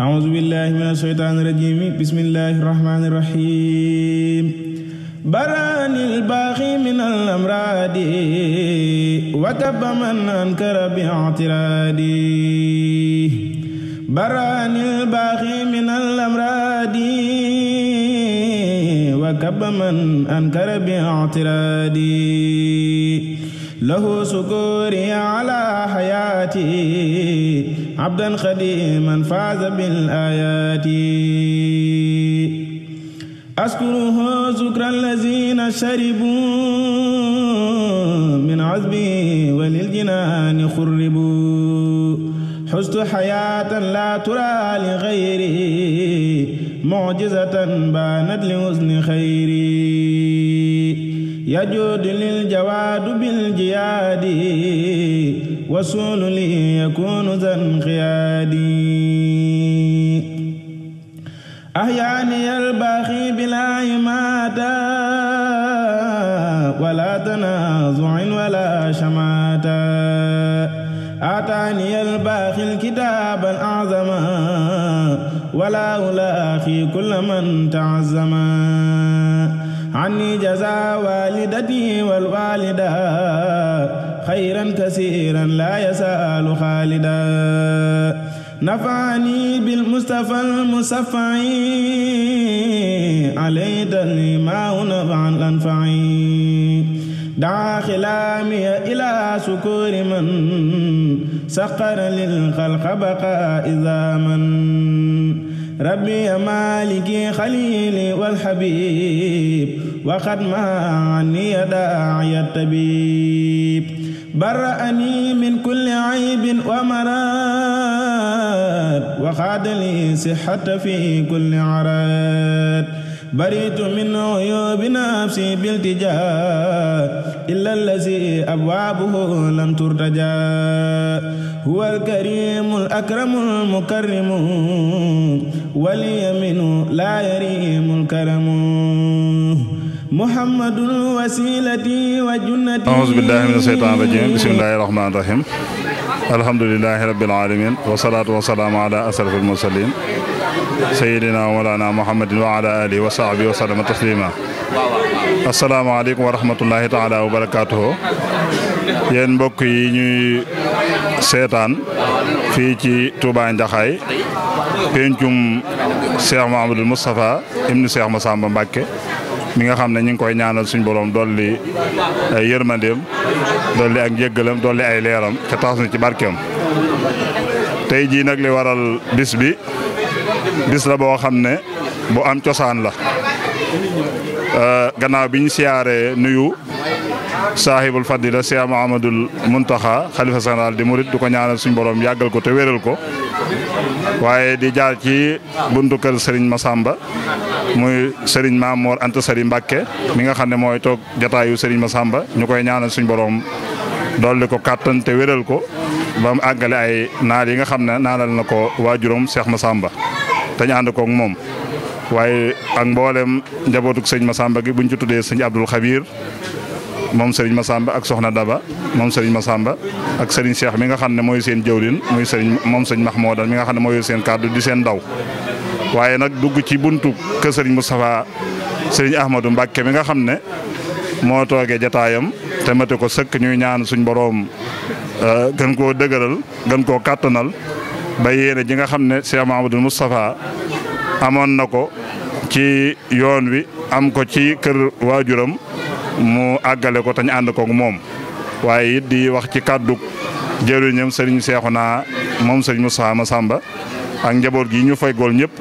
أعوذ بالله من الشيطان الرجيم بسم الله الرحمن الرحيم بران الباغي من الأمراض وكب من أنكر باعترادي بران الباغي من الأمراض وكب من أنكر باعترادي له سكوري على حياتي abdan xadiman faaza bil ayaati askuruhu zukra allazina sharibu min azbi wa lil jinaani xurribu xustu xayaatan laa turaa li xayri mucjizatan baanat li husni xayri yajuudu lil jawaadu bil jiyaadi وسول لي يكون ذا انقيادي أحياني الباخي بلا يماتا ولا تنازع ولا شماتا أعطاني الباخي الكتاب الأعظم ولا ألاخي كل من تعزما عني جزا والدتي والوالدة خيرا كثيرا لا يسأل خالدا نفعني بالمصطفى المصفع عليه ما نفعا الأنفع دعا خلامي إلى سكور من سقر للخلق بقاء إذا من ربي مالكي خليلي والحبيب وقد ما عني داعي الطبيب برأني من كل عيب ومراد وخاد لي صحة في كل عراد بريت من عيوب نفسي بالتجاه إلا الذي أبوابه لم ترتجى هو الكريم الأكرم المكرم ولي منه لا يريم الكرم muhammadul wasilati wa junnati auzu billahi mina shaytaani rajiim bismillahi rahmaani rahiim alhamdulillahi rabbil aalamiin wa salaatu wa salaamu ala asrafil mursaliin sayyidina wa mawlaana muhammadin wa ala aalihi wa sahbihi wa sallama tasliima asalaamaaleykum wa rahmatullahi taala wa barakaatuhu yéen mbokk yi ñuy seetaan fii ci Touba Ndiakhaye pencum Cheikh Mouhamadoul Moustapha ibnu Cheikh Massamba Mbacke mi nga xam ne ñu ngi koy ñaanal suñu borom dolli ay yërmandeem dolli ak njëggalam dolli ay leeram te tax na ci barkeem. tey jii nag li waral bis bi bis la boo xam ne bu am cosaan la euh, gannaaw bi ñu siyaaree nuyu saahibul fadila Cheikh Mouhamadoul Mountakha xalifa général di murit du ko ñaanal suñu borom yàggal ko te wéral ko. waaye di jaar ci buntu kër Serigne Massamba muy Serigne Maam Mor Anta Sali Mbàkke mi nga xam ne mooy toog jataayu ma sàmba ñu koy ñaanal suñu boroom dolli ko kàttan te wéral ko ba mu àggale ay naal yi nga xam ne naanal na ko waajuram Cheikh Massamba te ñu ànd koog moom. waaye ak mboolem njabootuk sëñ sàmba gi buñ ci tuddee sëñ Abdul Xabir moom Serigne Massamba ak Soxna Daba moom Serigne Massamba ak Serigne Cheikh mi nga xam ne mooy seen jëwrin muy Serigne moom Serigne Mahmoudan mi nga xam ne mooy seen kàddu di seen ndaw waaye nag dugg ci buntu kër Serigne Moustapha Serigne Ahmadou Mbacke mi nga xam ne moo toogee jataayam te mate ko sëkk ñuy ñaan suñ boroom euh, gën ko dëgëral gën ko kàttanal ba yéene ji nga xam ne Cheikh Mahamadou Moustapha amoon na ko ci yoon wi am ko ci kër waajuram mu àggale ko tañ ànd koog moom waaye it di wax ci kàddu jëriñam sëriñ naa moom sëriñ ma sàmba ak njaboot gi ñu fay gool ñëpp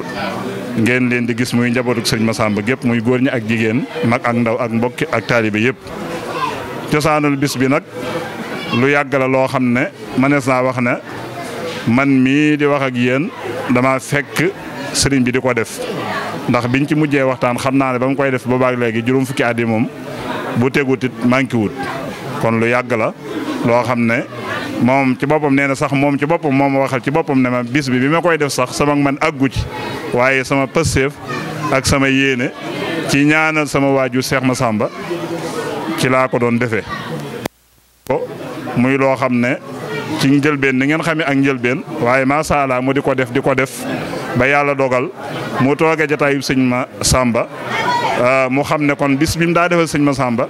ngeen leen di gis muy njabootuk sëriñ Massamba gépp muy góor ñi ak jigéen mag ak ndaw ak mbokki ak taalibe yëpp cosaanul bis bi nag lu yàgg loo xam ne mënees naa wax ne man mii di wax ak yéen dama fekk sëriñ bi di ko def ndax biñ ci mujjee waxtaan xam naa ne ba mu koy def ba baag léegi juróom fukki at yi moom bu tegut it manqué wut kon lu yàgg la loo xam ne moom ci boppam nee na sax moom ci boppam moom waxal ci boppam ne ma bis bi bi ma koy def sax sama man aggu ci waaye sama pësseef ak sama yéene ci ñaanal sama waajur Seex Masamba ci laa ko doon defee. muy loo xam ne ci njëlbeen ni ngeen xamee ak njëlbeen waaye macha allah mu di ko def di ko def ba yàlla dogal mu toogee jataayu sëñ ma Samba euh, mu xam ne kon bis bi mu daa defal sëñ ma Samba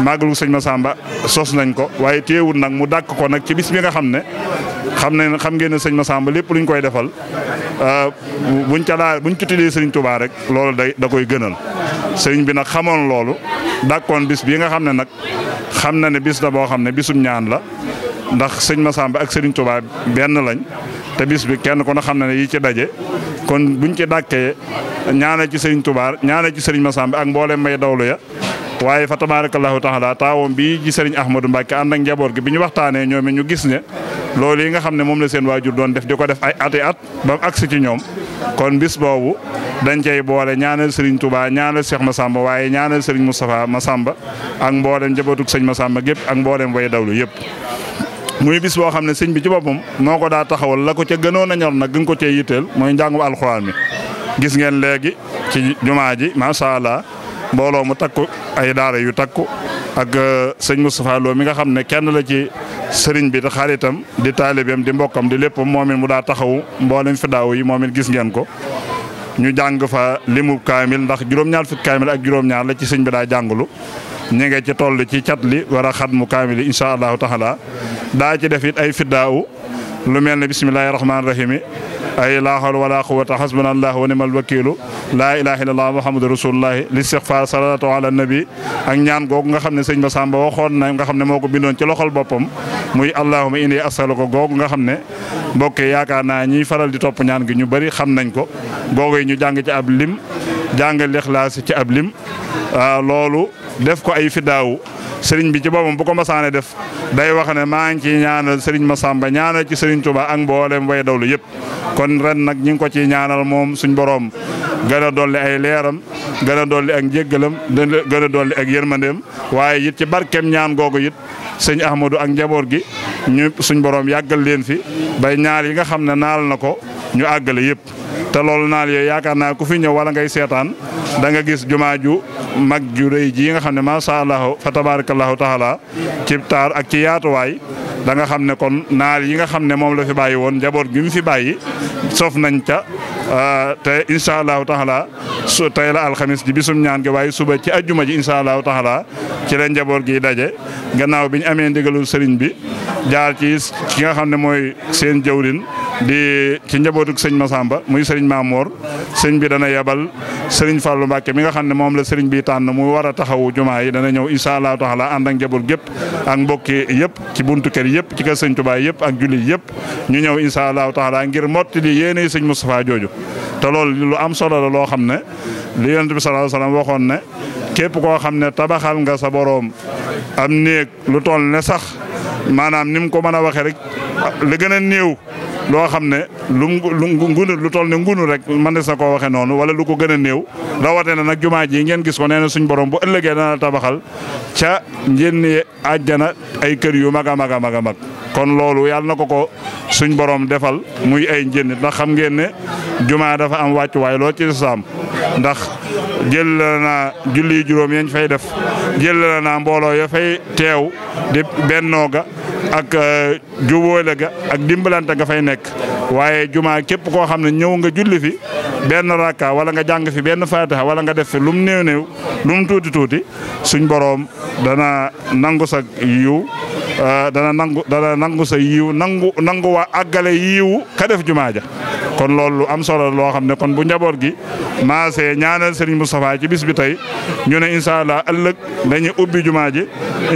màggalu sëñ ma Samba sos nañ ko waaye téewul nag mu dàkk ko nag ci bis bi nga xam ne xam ne xam ngeen ne sëñ ma Samba lépp luñ koy defal euh, buñ ca laa buñ ci tuddee sëriñ Touba rek loolu day da koy gënal sëriñ bi nag xamoon loolu dàkkoon bis bii nga xam ne nag xam na ne bis la boo xam ne bisum ñaan la. ndax sëñ Massamba ak sëriñ Touba benn lañ te bis bi kenn ku ne xam na ne yi ci daje kon buñ ci dàkkee ñaanal ci sëriñ Touba ñaanal ci sëriñ Massamba ak mboolem may dawlu ya waaye fa tabaarakallahu taala taawoom bii ji sëriñ Ahmadou Mbacke ànd ak njaboot gi bi ñu waxtaanee ñoom ñu gis ne loolu yi nga xam ne moom la seen waajur doon def di ko def ay ati at ba mu ci ñoom kon bis boobu dañ cey boole ñaanal sëriñ Touba ñaanal ma Massamba waaye ñaanal sëriñ ma Massamba ak mboolem njabootug sëñ Massamba gépp ak mboolem way dawlu yëpp muy bis boo xam ne sëñ bi ci boppam moo ko daa taxawal la ko ca gënoon a ñor nag gën ko cee yitteel mooy njàngum alxuraan mi gis ngeen léegi ci jumaa ji macha allah mbooloo mu takku ay daara yu takku ak euh, sëñ Moustapha Lo mi nga xam ne kenn la ci sëriñ bi te xaritam di taalibeem di mbokkam di léppam moom mu daa taxawu mboolem fidaaw yi moom gis ngeen ko. ñu jàng fa limu kaamil ndax juróom-ñaar fukki kaamil ak juróom-ñaar la ci sëñ bi daa jàngulu ñu ngi ci toll ci cat li war a xatmu kaamil yi incha allahu taala daa ci def it ay fiddaaw lu mel ne bisimilahi rahmaani rahim ay laa hawla wala quwwata hasbuna allah wa ni'mal wakiilu laa ilaaha illallah muhammadu rasulullahi listighfaar salaatu ala nabi ak ñaan googu nga xam ne sëñ Massamba waxoon na xam ne moo ko bindoon ci loxol boppam muy allahumma inni ko googu nga xam ne mbokk yaakaar naa ñi faral di topp ñaan gi ñu bari xam nañ ko googu ñu jàng ci ab lim jàng lixlaas ci ab lim ah, loolu def ko ay fidaawu sëriñ bi ci boppam bu ko masaane def day wax ne maa ngi ciy ñaanal sëriñ Massamba ñaanal ci sëriñ Touba ak mboolem way dawlu yëpp kon ren nag ñi ngi ko ciy ñaanal moom suñ borom gën a dolli ay leeram gën a dolli ak njéggalam gën a dolli ak yërmandeem waaye it ci barkeem ñaan googu it sëñ Ahmadou ak njaboot gi ñu suñ borom yàggal leen fi bay ñaar yi nga xam ne naal na ko ñu àggale yëpp te loolu naal yooyu yaakaar naa ku fi ñëw wala ngay seetaan danga gis jumaa ju mag ju rëy ji nga xam ne macha allah fa tabarakallahu taala ci taar ak ci yaatuwaay da nga xam ne kon naal yi nga xam ne moom la fi bàyyi woon njaboot gi mu fi bàyyi sof nañ ca euh, te incha allahu taala su tey la alxamis ji bisum ñaan gi waaye suba ci juma ji incha allahu taala ci la njaboot gi daje gannaaw bi ñu amee ndigalul sëriñ bi jaar ci ki nga xam ne mooy seen jëwrin di ci njabootuk sëñ Masamba muy sëriñ Mamoor sëriñ bi dana yebal sëriñ Fallou Mbacke mi nga bi tànn mu war a taxawu jumaa yi dana ñëw incha allah taala ànd ak njaboot gépp ak mbokki yëpp ci buntu kër yëpp ci kër sëñ Touba yëpp ak julli yëpp ñu ñëw incha allah taala ngir motti li yéene sëñ Moustapha jooju te loolu lu am solo la loo xam ne li yonent bi sallallahu alayhi wasallam waxoon ne képp koo xam ne tabaxal nga sa am néeg lu toll ne sax maanaam ni mu ko mën a waxee rek li gën a néew loo xam ne lu mu ngunu lu toll ne ngunu rek mën na sa koo waxee noonu wala lu ko gën a néew rawatee na nag jumaa ji ngeen gis ko nee na suñ borom bu ëllëgee dana tabaxal ca njënni àjjana ay kër yu mag a mag mag kon loolu yàlla na ko ko suñ borom defal muy ay njënd ndax xam ngeen ne jumaa dafa am wàccuwaay lool ci lislaam ndax jël la naa julli juróom yañ fay def jël la naa mbooloo ya fay teew di bennoo ga ak euh, jubóole ga ak dimbalante ga fay nekk waaye jumaa képp koo xam ne ñëw nga julli fi benn rakka wala nga jàng fi benn faatiha wala nga def fi lum néew néew lum tuuti tuuti suñ boroom dana nangu sa yiw Ah, dana nangu dana nangu sa yiiw nangu nangu waa àggale yiiwu ka def jumaa kon loolu lu am solo loo xam ne kon bu njaboot gi maasee ñaanal Serigne Moustapha ci bis bi tey ñu ne incha allah ëllëg dañuy ubbi jumaa ji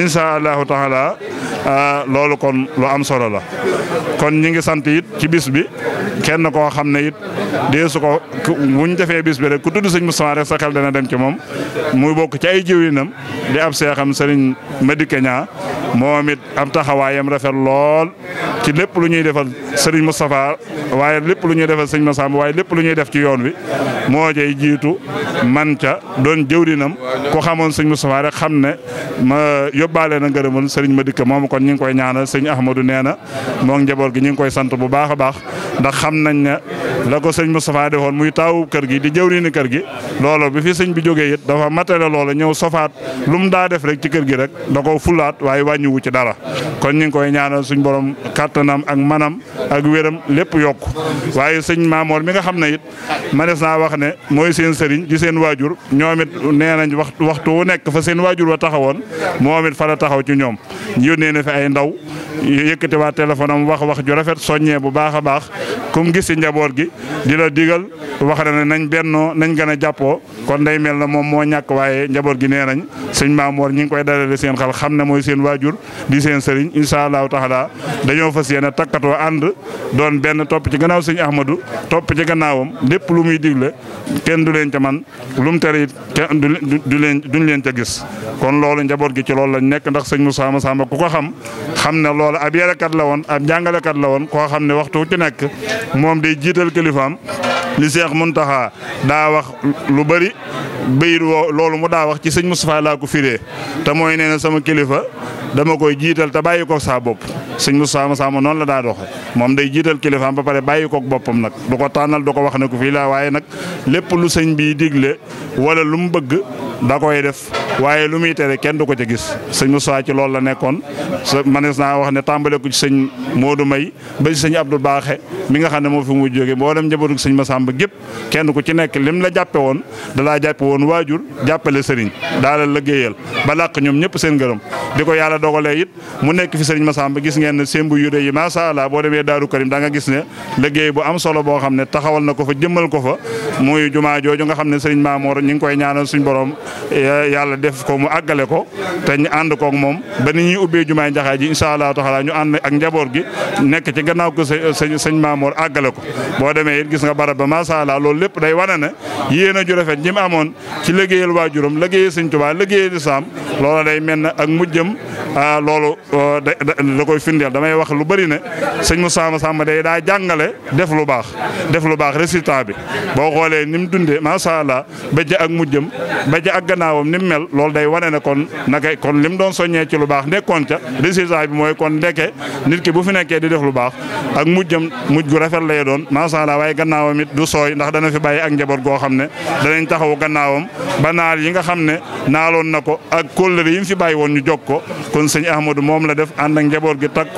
incha allahu taala ah, loolu kon lu am solo la. kon ñi ngi sant it ci bis bi kenn koo xam ne it de su ko bu ñu defee bis bi rek ku tudd Serigne Moustapha rek sa xel dana dem ci moom muy bokk ci ay jiwinam di ab seexam Serigne Madické Niang moom it ab taxawaayam rafet lool ci lépp lu ñuy defal Serigne Moustapha waaye lépp lu ñuy defal sëñ Massamba waaye lépp lu ñuy def ci yoon wi moo cay jiitu man ca doon jëwrinam ku xamoon sëñ Moustapha rek xam ne ma yóbbaale na ngërëmul sëriñ ma dikk moom kon ñu ngi koy ñaanal sëñ Ahmadou nee na moo gi ñu koy sant bu baax a baax ndax xam nañ ne la ko sëñ Moustapha defoon muy taawu kër gi di jëwriñu kër gi loolu bi fi sëñ bi jógee it dafa matale loola ñëw sofaat lu mu daa def rek ci kër gi rek da ko fulaat waaye wàññiwu ci dara kon ñu ngi koy ñaanal suñ borom kattanam ak manam ak wéram lépp yokk waaye sëñ Maamoor mi nga xam ne it manes naa wax ne mooy seen sëriñ di seen waajur ñoom it nee nañ wax waxtu wu nekk fa seen waajur wa taxawoon moom it fa la taxaw ci ñoom yónnee na fi ay ndaw yëkkati waa téléphone am wax wax ju rafet soññee bu baax a baax kum gis ci njaboot gi di la digal wax na ne nañ bennoo nañ gën a jàppoo kon day mel na moom moo ñàkk waaye njaboot gi nee nañ sëñ Maamoor ñi ngi koy dalale seen xel xam ne mooy seen waajur di seen sëriñ incha allahu taala dañoo fas yéene wa ànd doon benn topp ci gannaaw sëñ Ahmadou topp ci gannaawam lépp lu muy digle kenn du leen ca man lu mu tere it kenn du leen duñ leen ca gis kon loolu njaboot gi ci lool lañ nekk ndax sëñ Moussa Massamba ku ko xam xam ne loolu ab yarekat la woon ab jàngalekat la woon koo xam ne waxtu kilifaam li Seex Muntaxa daa wax lu bari bayit woo loolu mu daa wax ci sëñ Moustapha laa ko firee te mooy nee na sama kilifa dama koy jiital te bàyyi ko saa bopp sëñ Moustapha Massamba noonu la daa doxe moom day jiital kilifaam ba pare bàyyi koog boppam nag du ko tànnal du ko wax ne ko fii laa waaye nag lépp lu sëñ bi digle wala lu bëgg da koy def waaye lu muy tere kenn du ko ca gis sëñ Moussa ci loolu la nekkoon sa manees naa wax ne tàmbale ko ci sëñ Modou May ba ci sëñ baax Baaxe mi nga xam ne moo fi mu jóge mboolem njabootu sëñ Massamba gépp kenn ku ci nekk lim la jàppe woon da laa woon waajur jàppale sëriñ daala liggéeyal ba làq ñëpp seen ngërëm di ko yàlla dogalee it mu nekk fi sëriñ Massamba gis ngeen ne sémbu yu rëy yi macha allah boo demee Daaru Karim da nga gis ne liggéey bu am solo boo xam ne taxawal na ko fa jëmmal ko fa muy jumaa jooju nga xam ne sëriñ Maamoor ñu ngi koy ñaanal suñ borom yàlla def ko mu àggale ko te ñu ànd moom ba ni ñuy ubbee jumaay Njaxaay ji incha allahu taala ñu ànd ak njaboot gi nekk ci gannaaw ko sëñ sëñ Maamoor àggale ko boo demee it gis nga barab ba macha allah loolu lépp day wane ne yéen a ju rafet ñi mu amoon ci liggéeyal waajuram liggéeyal sëñ Tuubaa liggéeyal lislaam loola day mel ne ak mujjam Ah, loolu uh, da koy firndeel damay wax lu bëri ne sëñ Moussa Massamba day daa jàngale def lu baax def lu baax résultat bi boo xoolee ni mu dundee macha allah ba ak mujjëm ba ja ak gannaawam ni mu mel loolu day wane ne kon naka kon lim doon soññee ci lu baax nekkoon ca résultat bi mooy kon ndeke nit ki bu fi nekkee di def lu baax ak mujjëm mujj gu rafet lay doon macha allah waaye gannaawam it du sooy ndax dana fi bàyyi ak njaboot goo xam ne danañ taxaw gannaawam ba naal yi nga xam ne naaloon na ko ak kóllëre yi mu fi bàyyi woon ñu jog ko kon sëñ Ahmadou moom la def ànd ak njaboot gi takk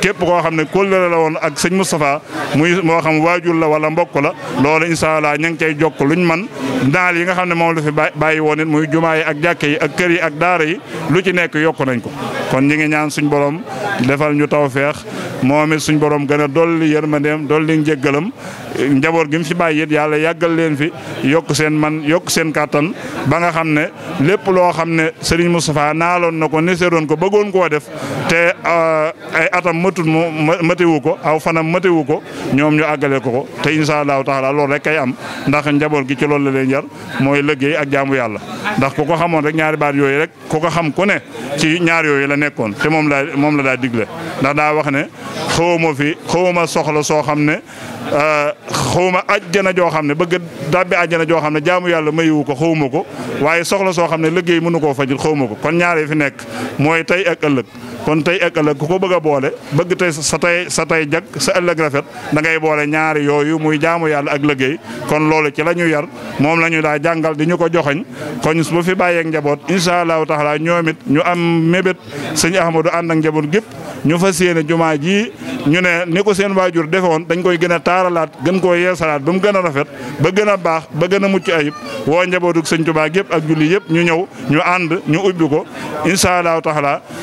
képp koo xam ne kóllëre la woon ak sëñ Moustapha muy moo xam waajur la wala mbokk la loolu incha allah ña cay jokk luñ man naal yi nga xam ne moom la fi bàyyi woon it muy jumaa yi ak jàkke yi ak kër yi ak daara yi lu nekk yokk nañ ko kon ñi ngi ñaan suñ borom defal ñu tawfeex moom it suñ borom gën a dolli yërmandeem dolli njëggalam njaboot gi mu fi bàyyi it yàlla yàggal leen fi yokk seen man yokk seen kàttan ba nga xam ne lépp loo xam ne sëriñ Moustapha naaloon na ko ko bëggoon koo def te euh, ay atam matul mu matewu ko aw fanam matewu ko ñoom ñu àggale ko ko te incha allahu taala loolu rek kay am ndax njaboot gi ci loolu la leen jar mooy liggéey ak jaamu yàlla ndax ko ko xamoon rek ñaari baat yooyu rek ku ko xam ku ne ci ñaar yooyu la nekkoon te moom la moom la daa digle ndax daa wax ne xawma fi xawma soxla soo xam ne Euh, xawma ajjana joo xam ne bëgg dàbbi ajjana joo xam ne jaamu yàlla mayiwu ko xawma ko waaye soxla soo xam ne liggéey mënu koo fajul xawma ko kon ñaare fi nekk mooy tey ak ëllëg kon tey ak ëllëg ku ko bëgg a boole bëgg tey sa tey sa tey jag sa ëllëg rafet da ngay boole ñaari yooyu muy jaamu yàlla ak liggéey kon loolu ci la ñu yar moom la ñu daa jàngal di ñu ko joxoñ kon bu fi bàyyeeg njaboot incha allahu taala ñoom it ñu am mébét sëñ Ahmadou ànd ak njaboot gépp ñu fas yéene jumaa ji ñu ne ni ko seen waajur defoon dañ koy gën a taaralaat gën koo yeesalaat ba mu gën a rafet ba a baax ba gën a mucc woo njabootu sëñ Tuubaa gépp ak julli yëpp ñu ñëw ñu ànd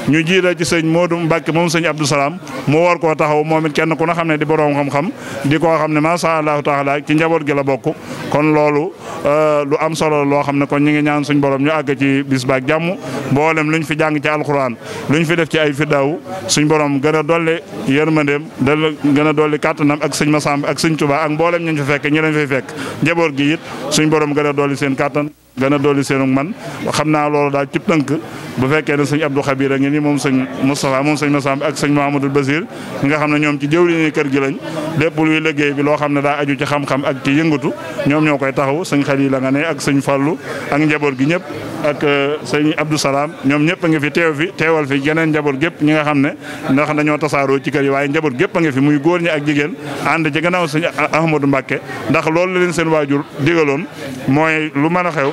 ñu ci sëñ Modou Mbacke moom sëñ Abdou Salaam mu war koo taxaw moom kenn ku na xam ne di borom xam-xam di koo xam ne macha allahu taala ci njaboot gi la bokk. kon loolu euh, lu am solo loo xam ne kon ñu ngi ñaan suñ borom ñu àgg ci bis baak jàmm mboolem luñ fi jàng ci alxuraan luñ fi def ci ay fiddaaw suñ borom gën a dolli yërmandeem dana gën a dolli kàttanam ak sëñ Massamba ak sëñ Touba ak mboolem ñu fi fekk ñi lañ fi fekk njaboot gi it suñ borom gën a dolli seen kàttan gën a dolli man xam naa lool daal ci tënk bu fekkee ne sëñ Abdou Xabir a ngi ni moom sëñ Moustapha moom sëñ Massamba ak sëñ Mouhamadou Basir ñi nga xam ne ñoom ci jëwriñu kër gi lañ lépp luy loo xam ne daa aju ci xam-xam ak ci yëngatu ñoom ñoo koy taxaw sëñ Xalil la nga ne ak sëñ Fallu ak njaboot ñëpp ak euh, sëñ Abdou Salaam ñoom ñëpp a fi teew fi teewal fi geneen njaboot gépp ñi nga xam ne ndax dañoo tasaaroo ci kër yi waaye njaboot gépp a ngi fi muy góor ñi ak jigéen ànd ci gannaaw sëñ Ahmadou Mbàkke ndax loolu la leen seen waajur digaloon mooy lu man a xew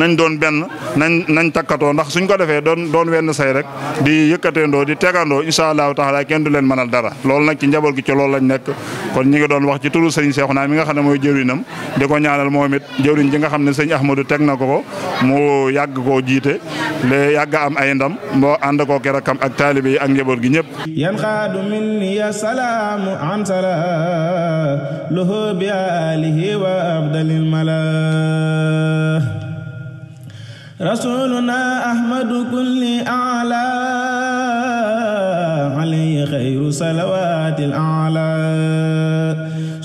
nañ doon benn nañ nañ takkatoo ndax suñ ko defee doon doon wenn say rek di yëkkateendoo di tegandoo incha allahu taala kenn du leen mënal dara lool nag ci njaboot gi ci loolu lañ nekk kon ñi ngi doon wax ci turu sëriñ naa mi nga xam ne mooy jëwriñam di ko ñaanal moom it jëwriñ ji nga xam ne sëñ Ahmadou teg na ko ko mu yàgg koo jiite le yàgg am ay ndam moo ànd ko kër akam ak taalibe yi ak njaboot gi ñëpp yan xaadu min ya salaamu an sala loxo bi alihi wa abdalil mala rasuluna ahmadu kulli ala alayhi xayru salawatil ala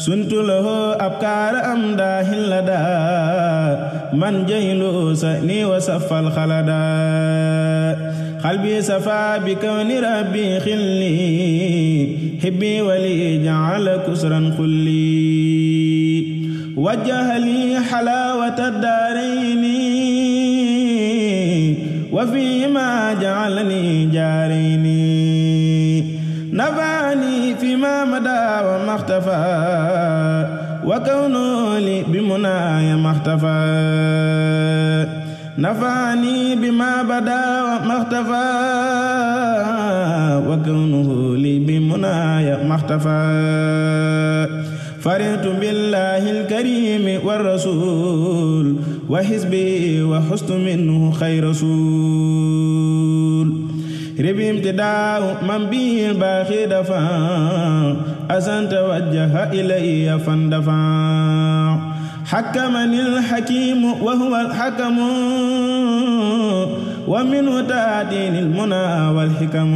suntu loxo abkaar am daaxil la daa من جهل سأني وسف الخلدا قلبي سفى بكون ربي خلي حبي ولي جعل كسرا خلي وجه لي حلاوة الدارين وفيما جعلني جارين نفعني فيما مدى وما اختفى wa kawnu li bi munaaya maxtafa nafaani bi ma bada wa maxtafa wa kawnu li bi munaaya maxtafa faritu billahi alkarimi wa rasul wa xisbi wa xustu minhu xay rasul ribi imtidaahu man bi baaxi dafa أسن توجه إلي فاندفع حكمني الحكيم وهو الحكم ومنه تأتين المنى والحكم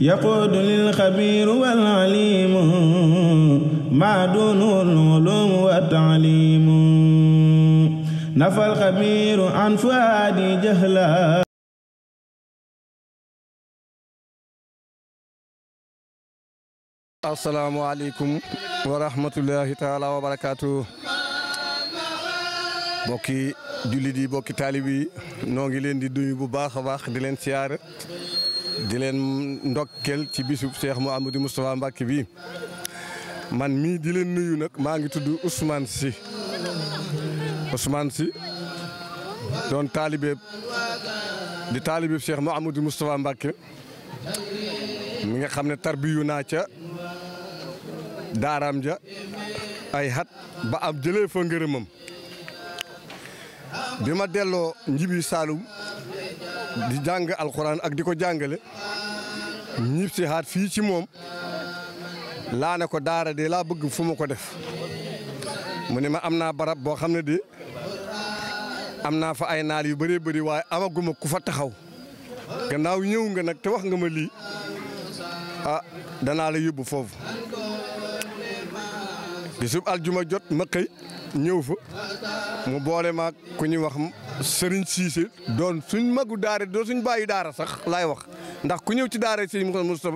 يقود للخبير والعليم ما دونه العلوم والتعليم نفى الخبير عن فؤادي جهلا asalaamaaleykum wa rahmatulahi taala wa barakaatu bokki jullit yi bokki taalib yi noo ngi leen di duyu bu baax a baax di leen siyaar di leen ndokkel ci bisub Cheikh Mouhamadou Moustapha Mbacké bi man mi di leen nuyu nag maa ngi tudd Ousmane Sy Ousmane Sy doon taalibe di taalibe Cheikh Mouhamadou Moustapha Mbacké mi nga xam ne tarbiyu naa daaraam ja ay xat ba am jëlee fa ngërëmam bi ma delloo njibi Saalum di jàng alxuraan ak di ko jàngale ñib si xaat fii ci moom laane ko daara de laa bëgg fu ma ko def mu ne ma am naa barab boo xam ne de am naa fa ay naal yu bëree bëri waaye amaguma ku fa taxaw gannaaw ñëw nga nag te wax nga ma lii a ah danaa la yóbbu foofu bisub aljuma jot ma xëy ñëw fa mu boole maak ku ñuy wax sëriñ Cissé doon suñ magu daara doo suñ bàyyi daara sax laay wax ndax ku ñëw ci daara sëriñ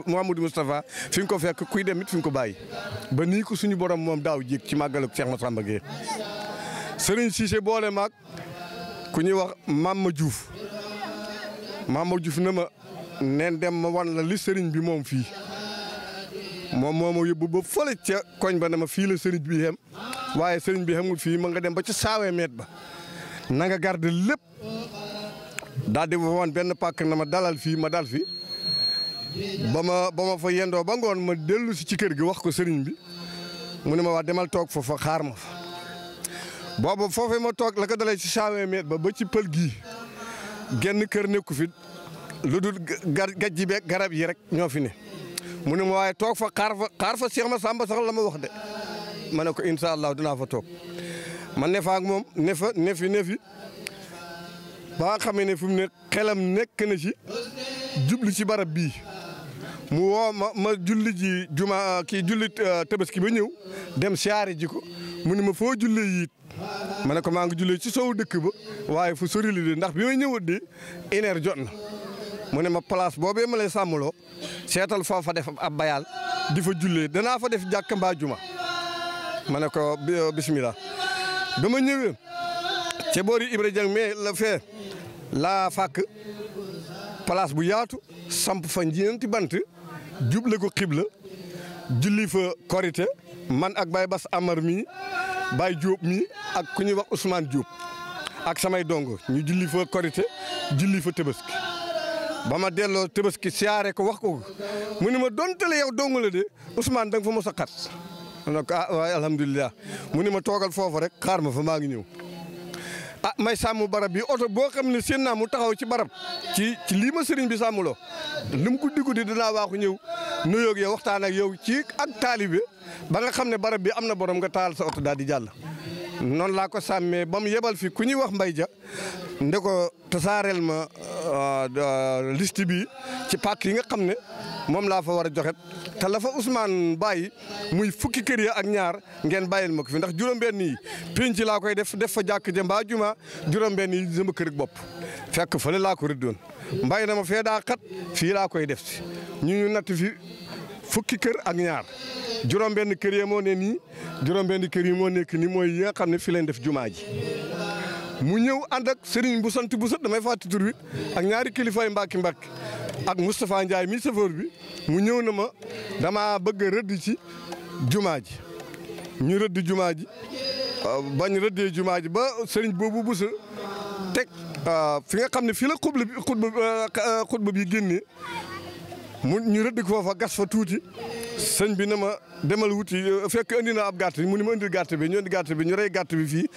Mouhamadou Moustapha fi nga ko fekk kuy dem it fi nga ko bàyyi ba nii ko suñu borom moom daaw jéeg ci màggalu Cheikh Massamba Gueye sëriñ Cissé boole maag ku ñuy wax Mama Diouf Mama Diouf na ma neen dem ma wan la li sëriñ bi moom fii moom moo ma yóbbu ba fële ca koñ ba ma fii la sëriñ bi xam waaye sëriñ bi xamul fii ma nga dem ba ca saawee meet ba na nga garde lépp daal woon benn pakk na ma dalal fii ma dal fii ba ma ba fa yendoo ba ngoon ma dellu si ci kër gi wax ko sëriñ bi mu ne ma waa demal toog foofa xaar ma fa boobu foofee ma toog la ko dalee ci saawee meet ba ba ci pël gii genn kër nekku fi lu dul gajji beeg garab yi rek ñoo fi ne mu ne ma waaye toog fa xaar fa xaar fa Cheikh Massamba sax la ma wax de ma ne ko incha allah dinaa fa toog man ne fa ak moom ne fa ne fi ne fi ba ne fi mu ne xelam nekk na ci jublu barab bii mu woo ma ma julli ji juma kii julli euh, tabaski ba ñëw dem siyaare ji ko mu ne ma foo julle yiit ma ne ko maa ngi jullee ci sow dëkk ba waaye fu sori de ndax bi may ñëwat de une jot na mu ne ma place boobee ma lay sàmmuloo seetal foo fa def ab bayaal di fa jullee danaa fa def jàkk mbaa juma ma ne ko euh, bismillah ba ma ñëwee ca boori Ibra Jang mais la fee laa fàkk place bu yaatu samp fa ñeenti bant juble ko xibla julli fa korité man ak Baye Bass Amar mii Baye Diop mii ak ku ñuy wax Ousmane Diop ak samay dongo ñu julli fa korité julli fa Tabaski ba ma delloo Tabaski siyaare ko wax ko mu ni ma dontale yow dong la de Ousmane danga fa mos a xat ma ne ko ah waaye alhamdulilah mu ni ma toogal foofu rek xaar ma fa maa ngi ñëw. ah may sàmm barab bi oto boo xam ne seen naa mu taxaw ci barab ci ci lii ma sëriñ bi sàmmloo lu mu guddi guddi dinaa waaxu ñëw nuyoo ak yow waxtaan ak yow ci ak taalibe ba nga xam ne barab bi am na borom nga taal sa oto daal di jàll. noonu laa ko sàmmee ba mu yebal fi ku ñuy wax mbay ja nde ko tasaareel ma euh, euh, liste bi ci pàcc yi nga xam ne moom laa fa war a joxe te la fa Ousmane bàyyi muy fukki kër ya ak ñaar ngeen bàyyil ma ko fi ndax juróom-benn yi pénc laa koy def def fa jàkk ja mbaa juma juróom-benn yi sama kër bopp fekk fële laa ko rëddoon mbay na ma fee daa xat fii laa koy def si ñu natt fi fukki kër ak ñaar juróom-benn kër yi moo ne nii juróom-benn kër yi moo nekk nii mooy yi nga xam ne fi leen def jumaa mu ñëw ànd sëriñ Serigne bu sant bu sant damay fàttali tur bi ak ñaari kilifaay Mbacke Mbacke ak Moustapha Ndiaye mi chauffeur bi mu ñëw na ma dama bëgg rëdd ci jumaa ji ñu rëdd jumaa ji euh, bañ rëddee jumaa ji ba Serigne boobu bu sa euh, fi nga xam ne fii la xutba bi xutba bi euh, génnee mu ñu rëdd foofa gas fa tuuti sëñ bi na ma demal wuti euh, fekk indi na ab gàtt mu ni ma indil gàtt bi ñu indi gàtt bi ñu rey gàtt bi fii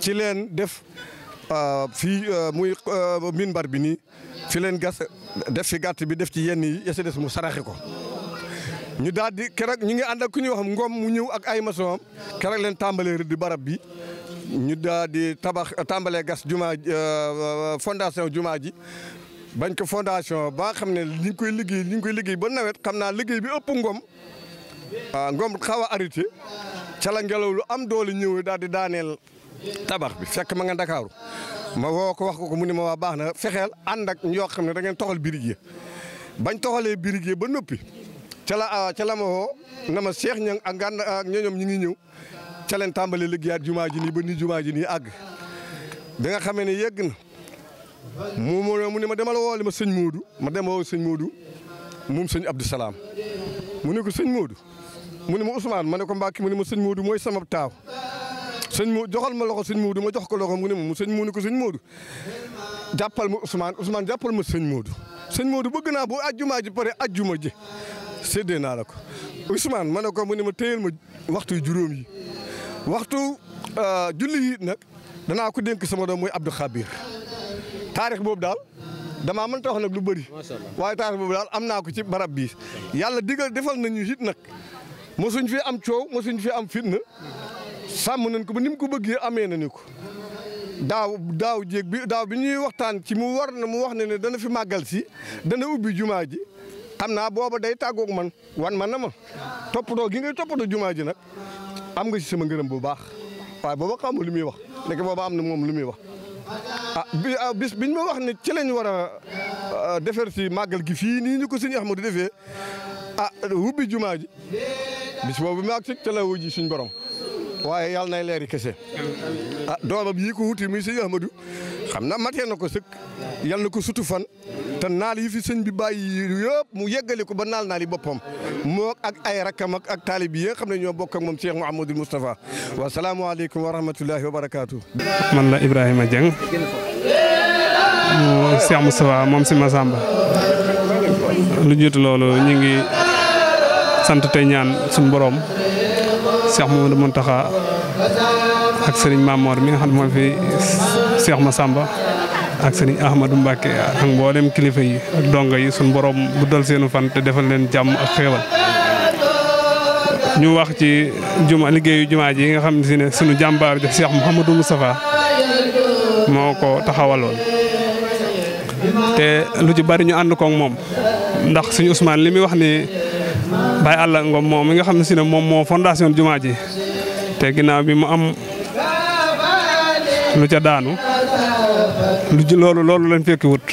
ci leen def euh, fii euh, muy minbar bi nii fi leen gas def fi gàtt bi def ci yenn yi yese des mu saraxe ko ñu daal di keroog ñu ngi ànd ak ku ñuy wax ngoom mu ñëw ak ay maçon keroog leen tàmbalee rëdd barab bi ñu daal di tabax tàmbalee gas juma fondation juma ji bañ ko fondation ba xam ne ñu koy liggéey ñu koy liggéey ba nawet xam naa liggéey bi ëpp ngom ah, ngom xaw a arrêté ca la ngelaw lu am doole ñëw daal di daaneel tabax bi fekk ma nga ndakaaru ma woo ko wax ko ko mu ne ma waa baax na fexeel ànd ak yoo xam ne da ngeen toxal birig bañ toxalee birig ba noppi ca la ah, ca la ma woo na ma Cheikh ñang ak gànn ak ñoñom ñi ñëw ca leen tàmbalee liggéeyaat jumaa ji nii ba nii jumaa ji nii àgg nga xamee ne yegg na mu mu ne ma demal woo ma sëñ Moodu ma dem woo sëñ Moodu moom sëñ Abdou Salaam mu ne ko sëñ Moodu mu ne ma Ousmane ma ne ko Mbacke mu ne ma sëñ Moodu mooy sama taaw sëñ Moodu joxal ma loxo sëñ Moodu ma jox ko loxo mu ne ma sëñ mu ne ko sëñ Moodu jàppal ma Ousmane Ousmane jàppal ma sëñ Moodu sëñ Moodu bëgg naa bu ajjuma ji pare ajjuma ji séddee naa la ko Ousmane ma ne ko mu ne ma téyel ma waxtu juróom yi waxtu euh, julli nag danaa ko dénk sama doom mooy Abdou Khabir taarix boobu daal damaa mënta wax nag lu bëri waaye taarix boobu daal am naa ko ci barab bii yàlla digal defal nañu it nag mosuñ fi am coow mosuñ fi am fitna sàmm nañ ko ba ni mu ko bëggee amee nañu ko daaw daaw jeeg bi daaw bi ñuy waxtaan ci mu war na mu wax ne ne dana fi màggal si dana ubbi jumaa ji xam naa booba day tàggoog man wan man na ma toppatoo gi ngay toppatoo jumaa ji nag am nga si sama ngërëm bu baax waaye booba xamul lu muy wax nekk booba am na moom lu muy wax ah bi ah, bis biñ ma wax ne ci lañ war a ah, defar si màggal gi fii nii ñu ko suñu Ahmadu defee a ah, wubbi jumaa ji bis boobu ma ak ci la wuji suñ borom waaye yàlla nay leeri kese ah doomam yii ko wuti muy sëñ Ahmadou xam na matee na ko sëkk yàlla na ko sutu fan te naal yi fi sëñ bi bàyyi yëpp mu yeggali ko ba naal naal yi boppam moo ak ay rakkam ak ak taalib yi xam ne ñoo bokk ak moom Cheikh Mouhamadul Moustapha wa salaamu aleykum wa rahmatullahi wa barakaatu. man la Ibrahima Dieng mu Cheikh Moustapha moom si Massamba lu jiitu loolu ñu ngi sant tey ñaan suñu borom. Cheikh Mamadou Mountakha ak sëriñ Mamor mi nga xam ne moo fi ma sàmba ak sëriñ Ahmadou Mbacke ak mboolem kilifa yi ak dongo yi suñu borom guddal seenu fan te defal leen jàmm ak feebal ñu wax ci juma liggéeyu jumaa ji nga xam si ne suñu jàmbaar seex ma Mouhamadou Moustapha moo ko taxawaloon te lu ci bari ñu ànd koog moom ndax suñu Ousmane li muy wax ni Baye Alla Ngom moom mi nga xam ne si ne moom moo fondation jumaa ji te ginnaaw bi mu am lu ca daanu lu ji loolu loolu lañ fekki wut.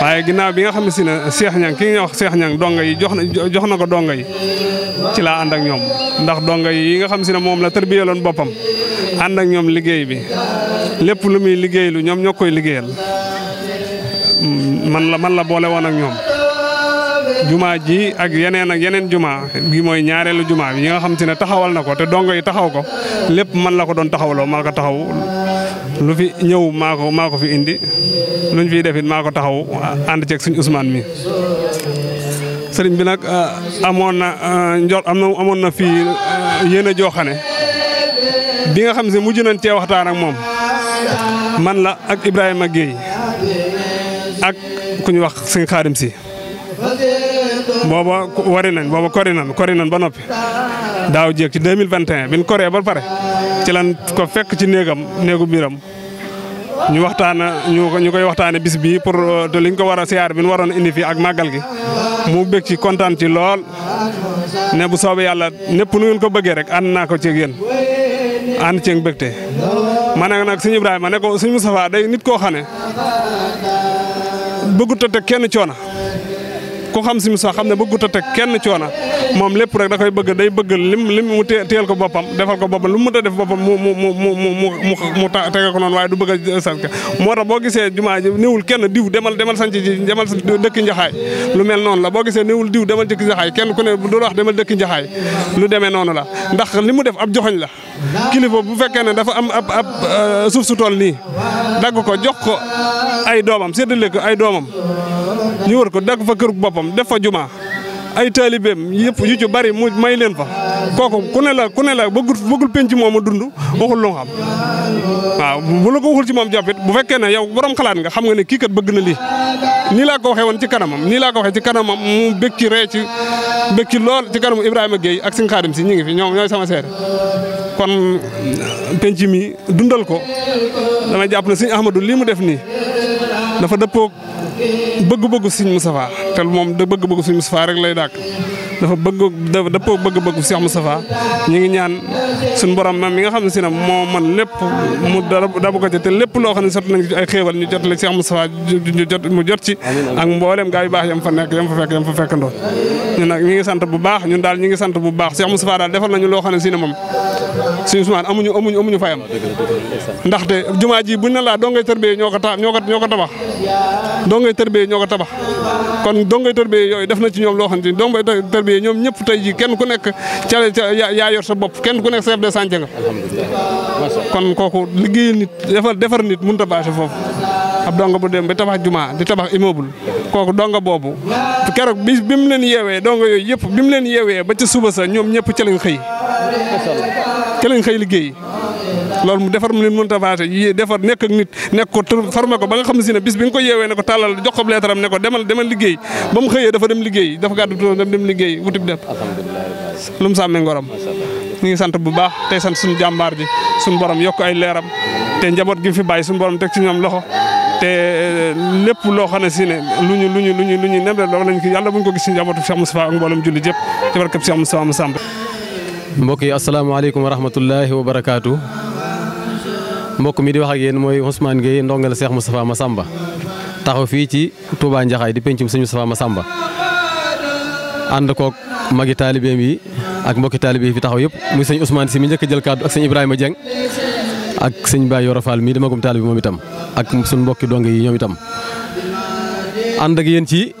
waaye ginnaaw bi nga xam ne si ne Cheikh Niang ki nga wax donga yi jox na jox na ko donga yi ci laa ànd ak ñoom ndax donga yi nga xam si ne moom la tërbiyaloon boppam ànd ak ñoom liggéey bi lépp lu muy liggéey ñoom ñoo koy liggéeyal mm, man la man la boole woon ak ñoom. jumaa ji ak yeneen ak yeneen jumaa gi mooy ñaareelu jumaa bi yi nga xam te ne taxawal na ko te dongo yi taxaw ko lépp man la ko doon taxawloo maa ko taxaw lu fi ñëw maa ko maa ko fi indi luñ fiy defit maa ko taxaw ànd ceeg suñ Ousmane mii sëriñ bi nag euh, amoon na euh, njor am na amoon na fii euh, yéen a jooxane bi nga xam si mujj nañ cee waxtaan ak moom man la ak Ibrahima Guèye ak ku ñu wax sëñ Xaadim si booba wari nañ booba kori nañ kori nañ ba noppi daaw jéeg ci 2021 bi ñu koree ba pare ci lan ko fekk ci néegam néegu biram ñu waxtaana ñu koy waxtaane bis bii pour euh, te liñ ko war siyaar bi ñu waroon indi ak màggal gi mu bég ci kontaan ci lool ne bu soobee yàlla népp nu ngeen ko bëggee rek ànd naa ko ceeg yéen ànd ceeg bégte ma ne nag suñu Ibrahima ne ko suñu Moustapha day nit ko xam ne bëggut a teg kenn coona ku xam si Moussa xam ne bëggut a teg kenn coono moom lépp rek da koy bëgg day bëgg lim lim mu téyel ko boppam defal ko boppam lu mu a def boppam mu mu mu mu mu mu mu tege ko noonu waaye du bëgg a sànq moo tax boo gisee jumaa ji néewul kenn diw demal demal sanc ji demal dëkk njaxaay lu mel noonu la boo gisee néewul diw demal dëkk njaxaay kenn ku ne du wax demal dëkk njaxaay lu demee noonu la ndax li mu def ab joxoñ la kilifa bu fekkee ne dafa am ab ab euh, suuf su tool nii dagg ko jox ko ay doomam séddale ko ay doomam ñu wër ko dagg fa kër boppam def fa jumaa ay taalibeem yëpp yu ci bari mu may leen fa kooku ku ne la ku ne la bëggul bëggul penc moomu dund waxul lu nga xam waaw bu la ko ci moom jàppit bu fekkee ne yow borom xalaat nga xam nga ne kii kat bëgg na lii nii laa ko waxee woon ci kanamam nii laa ko waxee ci kanamam mu bëgg ci ree bëgg ci lool ci kanamu Ibrahima géey ak Sëñ Xaadim si ñu ngi fi ñoom ñooy sama seere kon penc mi dundal ko dama jàpp ne Sëñ Ahmadou mu def nii dafa dëppoog bëgg-bëggu Sëriñ Moustapha te moom da bëgg-bëggu Sëriñ Moustapha rek lay dàkk dafa bëgg dëppoo bëgg-bëgg Cheikh Moustapha ñu ngi ñaan suñu borom mam mi nga xam si ne moo man lépp mu dabu ko ci te lépp loo xam ne sot nañ ci ay xéewal ñu jot la Cheikh Moustapha mu jot ci ak mboolem gaa yu baax yam fa fekk yam ñu ngi sant bu baax ñun daal ñu ngi sant bu baax Cheikh Moustapha daal defal nañu loo xam ne si ne moom suñu Ousmane amuñu amuñu amuñu fayam ndaxte jumaa ji buñ na laa dongay tërbee ñoo ko ta ñoo ko ñoo ko tabax dongay tërbee ñoo ko tabax kon dongay tërbee yooyu def taalibee ñoom ñëpp tey ji kenn ku nekk ca yaa yor sa bopp kenn ku nekk chef de chantier nga kon kooku liggéey nit defar defar nit mun a baase foofu ab donga bu dem ba tabax jumaa di tabax immeuble kooku donga boobu keroog bi bi mu leen yeewee donga yooyu yëpp bi mu leen yeewee ba ca suba sa ñoom ñëpp ca lañ xëy ca lañ xëy liggéey loolu mu defar mu leen mënta faase yi defar nekk ak nit nekk ko formé ko ba nga xam si ne bis bi nga ko yeewee ne ko tàllal jox ko leetaram ne ko demal demal liggéey ba mu xëyee dafa dem liggéey dafa gàddu turam dem dem liggéey wutib dem lu mu sàmmee ngoram ngi sant bu baax tey suñu jàmbaar ji suñu borom yokk ay leeram te njaboot gi fi bàyyi suñu borom teg ci ñoom loxo te eh, lépp loo xam ne si ne lu ñu lu ñu lu ñuy lu ñu nemle loolu lañ ko yàlla bu ñu ko gis si njabootu Cheikh Moustapha ak mboolem julli jëpp ci barkab Cheikh Moustapha Massamba yi asalaamaaleykum wa rahmatullahi wa barakaatu mbokk mii di wax ak yéen mooy Ousmane Gueye ndongal Cheikh Moustapha Massamba taxaw fii ci Touba Ndiakhaay di pencum sëñ Moustapha Massamba ànd koog magi taalibeem yi ak mbokki taalibe yi fi taxaw yëpp muy sëñ Ousmane si mi njëkk jël kàddu ak sëñ Ibrahima Dieng ak sëñ Baye Yoro mii di magum taalibe moom itam ak suñ mbokki dong yi ñoom itam ànd ak yéen ci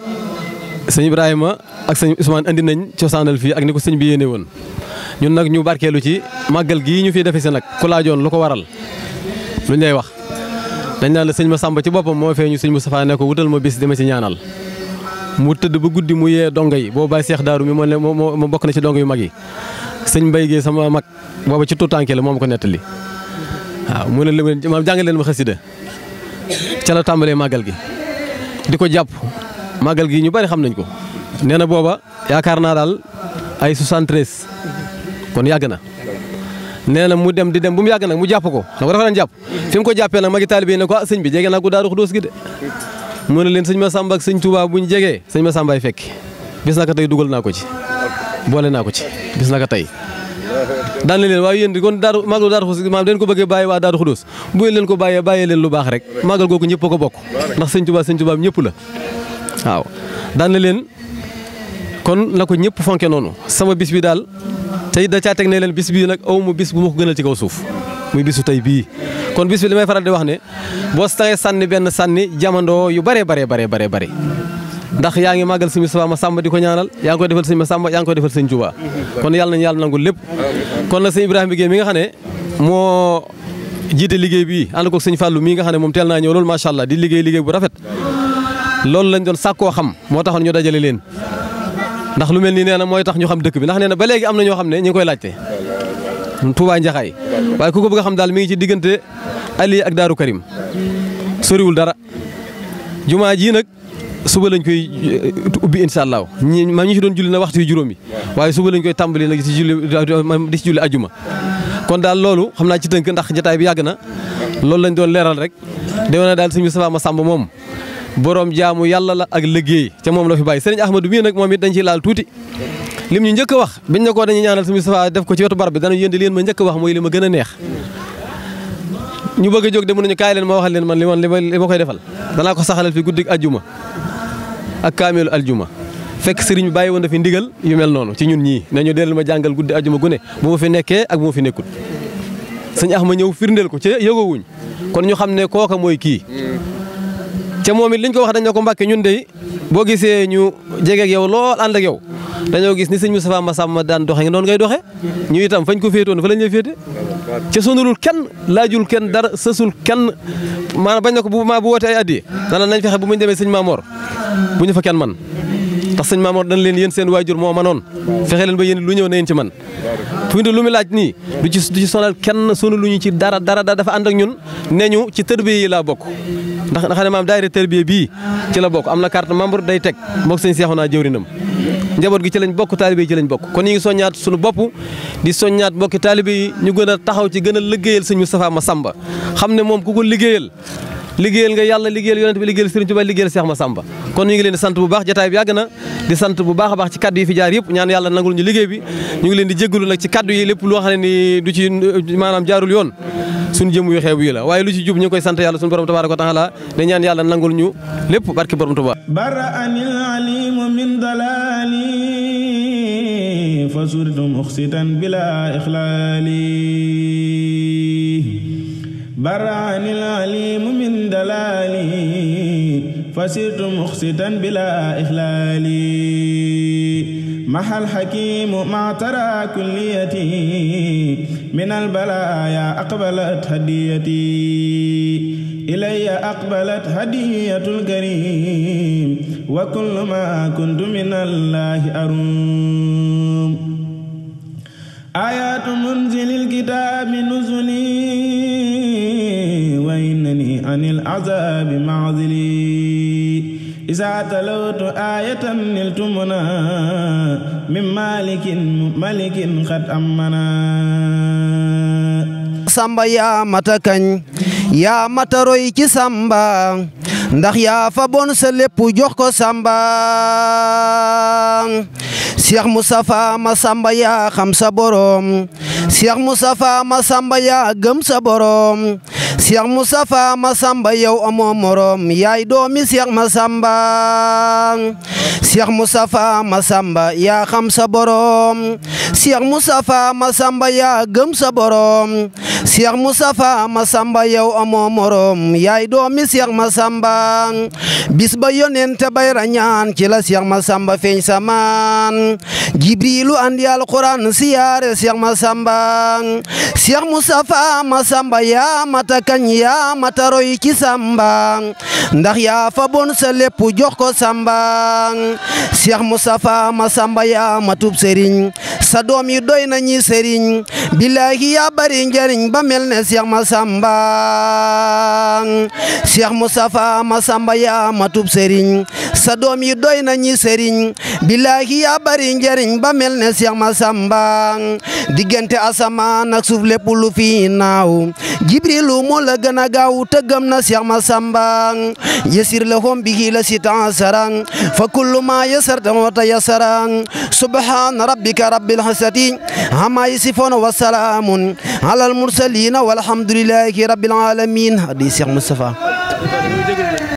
sëñ Ibrahima ak sëñ Ousmane indi nañ cosaanal fii ak ni ko sëñ bi yéene woon ñu nag ñu barkeelu ci màggal gii ñu fi defee si nag ko waral lu luñ lay wax dañ naan la sëñ ma Massamba ci boppam moo fee ñu sëñ Moustapha ne ko wutal ma bis dama ci ñaanal mu tëdd ba guddi mu yee dongo yi boobu Baye Cheikh Daaru mi moo ne moo bokk na ci dongo yu mag yi sëñ Mbaye Guèye sama mag booba ci tuutànke la moom ko nettali waaw mu ne leen maam jàngal leen ma xasida ca la tàmbalee màggal gi di ko jàpp màggal gi ñu bari xam nañ ko nee na booba yaakaar naa daal ay 73 kon yàgg na nee na mu dem di dem bu mu yàgg nag mu jàpp ko xam nga dafa jàpp fi ko jàppee nag magi taalibe ne ko ah sëñ bi jege naa ko daaru xudóos gi de mu leen sëñ ma sàmba ak sëñ tuubaa bu ñu jegee sëñ ma sàmbaay fekk bis naka tey dugal naa ko ci boole naa ko ci bis naka tey daan na leen waaye yéen di kon daaru màggal daaru xudóos maanaam den ko bëggee bàyyi waa daaru xudóos bu ngeen leen ko bàyyee bàyyee leen lu baax rek màggal googu ñëpp a ko bokk ndax sëñ tuubaa sëñ tuubaa ñëpp la waaw daan kon la ko ñëpp fonke noonu sama bis bi daal tey da caa teg leen bis bii nag aw ma bis bu ma ko gënal ci kaw suuf muy bisu tey bii. kon bis bi li may faral di wax ne boo taxee sànni benn sànni jamono yu bare bare bare bare bare ndax yaa ngi màggal suñu Moustapha Massamba di ko ñaanal yaa ngi koy defal ma Massamba yaa ngi koy defal suñu Touba kon yàlla nañu yàlla nangul lépp kon la sëñ bi Guèye mi nga xam ne moo jiite liggéey bii ànd ko sëñ Fallou mii nga xam ne moom teel naa ñëw loolu macha di liggéey liggéey loolu lañ doon sàkkoo xam moo taxoon ñu dajale leen ndax lu mel nii nee na mooy tax ñu xam dëkk bi ndax nee na ba léegi am na ñoo xam ne ñu ngi koy laajte Touba Njaxaay waaye ku ko bëgg xam daal mi ngi ci diggante Aliou ak Daaru Karim soriwul dara jumaa ji nag suba lañ koy eh, ubbi incha allah ñi ma ñu ci doon julli na waxtu yu juróomi waaye suba lañ koy tàmbali nag di ci julli di ci julli ajuma kon daal loolu xam naa ci tënk ndax jotaay bi yàgg na loolu lañ doon leeral rek demoon na daal suñu ma Massamba moom borom jaamu yàlla la ak liggéey ca moom la fi bàyyi sëriñ Ahmadou mii nag moom it dañ ciy laal tuuti lim ñu njëkk wax biñ ne ko dañuy ñaanal si Moustapha def ko ci wetu barab bi danañ yéen di leen ma njëkk a wax mooy li ma gën a neex ñu bëgg a jóg de nañu kaay leen ma waxal leen man li ma li ma koy defal dana ko saxalal fi guddi aljuma ak kaamilu aljuma fekk sëriñ bi bàyyi woon na fi ndigal yu mel noonu ci ñun ñii ne ñu dellu ma jàngal guddi ajuma gu ne bu fi nekkee ak bu ma fi nekkul sëñ Ahma ñëw firndeel ko ci yëgowuñ kon ñu xam ne kooka mooy kii ca moom it liñ ko wax dañ ne ko mbàkke ñun dey boo gisee ñu jege ak yow lool ànd ak yow dañoo gis ni sëñ ma sàmm daan doxe nga noonu ngay doxe ñu itam fañ ko féetoon fa lañ lay féete ca sonalul kenn laajul kenn dara sësul kenn maanaam bañ na ko bu maa bu woote ay addi dana nañ fexe bu muñ demee sëñ Mamor bu ñu fa kenn man ndax sëñ Mamor dañ leen yéen seen waajur moo manoon fexe leen ba yéen lu ñëw na yéen ci man fu mu ne lu mu laaj nii du ci sonal kenn sunu lu ñu ci dara dara dafa ànd ak ñun ne ñu ci tërbiye yi laa bokk ndax nga xam maam daayira tërbiye bii ci la bokk am na carte membre day teg mbokk sëñ Seexuna jëwrinam njaboot gi ci lañ bokk taalibe yi ci lañ bokk kon ñu ngi soññaat suñu bopp di soññaat mbokki taalibe yi ñu gën a taxaw ci gën a liggéeyal sëñ Moustapha Massamba xam ne moom ku ko liggéeyal liggéeyal nga yàlla liggéeyal yonent bi liggéeyal Serigne Touba liggéeyal Cheikh Massamba kon ñu ngi leen di sant bu baax jotaay bi yàgg na di sant bu baax baax ci kaddu yi fi jaar yëpp ñaan yàlla nangul ñu liggéey bi ñu ngi leen di jéggalu nag ci kaddu yi lépp loo xam ne ni du ci maanaam jaarul yoon suñu jëm yu xeew yi la waaye lu ci jub ñu ngi koy sant yàlla suñu borom tabaaraka wa taala di ñaan yàlla nangul ñu lépp barki borom Touba baraanil alimu min dalali fa surtu muxsitan bila ixlaali براني العليم من دلالي فسرت مخستا بلا إخلال محى الحكيم مع ترى كليتي من البلايا أقبلت هديتي إلي أقبلت هدية الكريم وكل ما كنت من الله أروم آيات منزل الكتاب نزلي وإنني عن العذاب معزلي إذا تلوت آية نلت منا من مالك ملك قد أمنا samba yaa mata kañ yaa mata roy ci samba ndax yaa fa bon sa lépp jox ko samba Cheikh Moustapha ma samba yaa xam sa borom Cheikh Moustapha ma samba yaa gëm sa borom Cheikh Moustapha Massamba yow amoo morom yaay doomi Cheikh Massamba Cheikh Moustapha Massamba yaa xam sa borom Cheikh Moustapha Massamba yaa gëm sa borom Cheikh ma samba yow amoo morom yaay doomi Cheikh Massamba bis ba yonente bay rañaan ci la Cheikh Massamba feeñ samaan Jibrilu andi alquran siyaare Cheikh Massamba Cheikh Moustapha Massamba yaa mata kañ yaa mata roy ci Samba ndax yaa fa bon sa lépp jox ko Samba Cheikh Moustapha Massamba yaa matub sëriñ sa doom yi doy nañu sëriñ bilaahi yaa bari njariñ ba mel ne Cheikh Massamba Cheikh Moustapha Massamba yaa matub sëriñ sa doom yi doy nañu seriñ sëriñ yaa bari njariñ ba mel ne ma Massamba diggante asamaan ak suuf lépp lu fi naaw jibrilu moo la gën a gaaw tëggam na Cheikh Massamba yasir lahum bihi la sitan sarang fa kullu ma yasarta wata yasarang subhana rabbika rabbil izzati amma yasifun wa salamun alal mursalin mursaliin walhamdulillaahi rabbil aalamiin di Cheikh Moustapha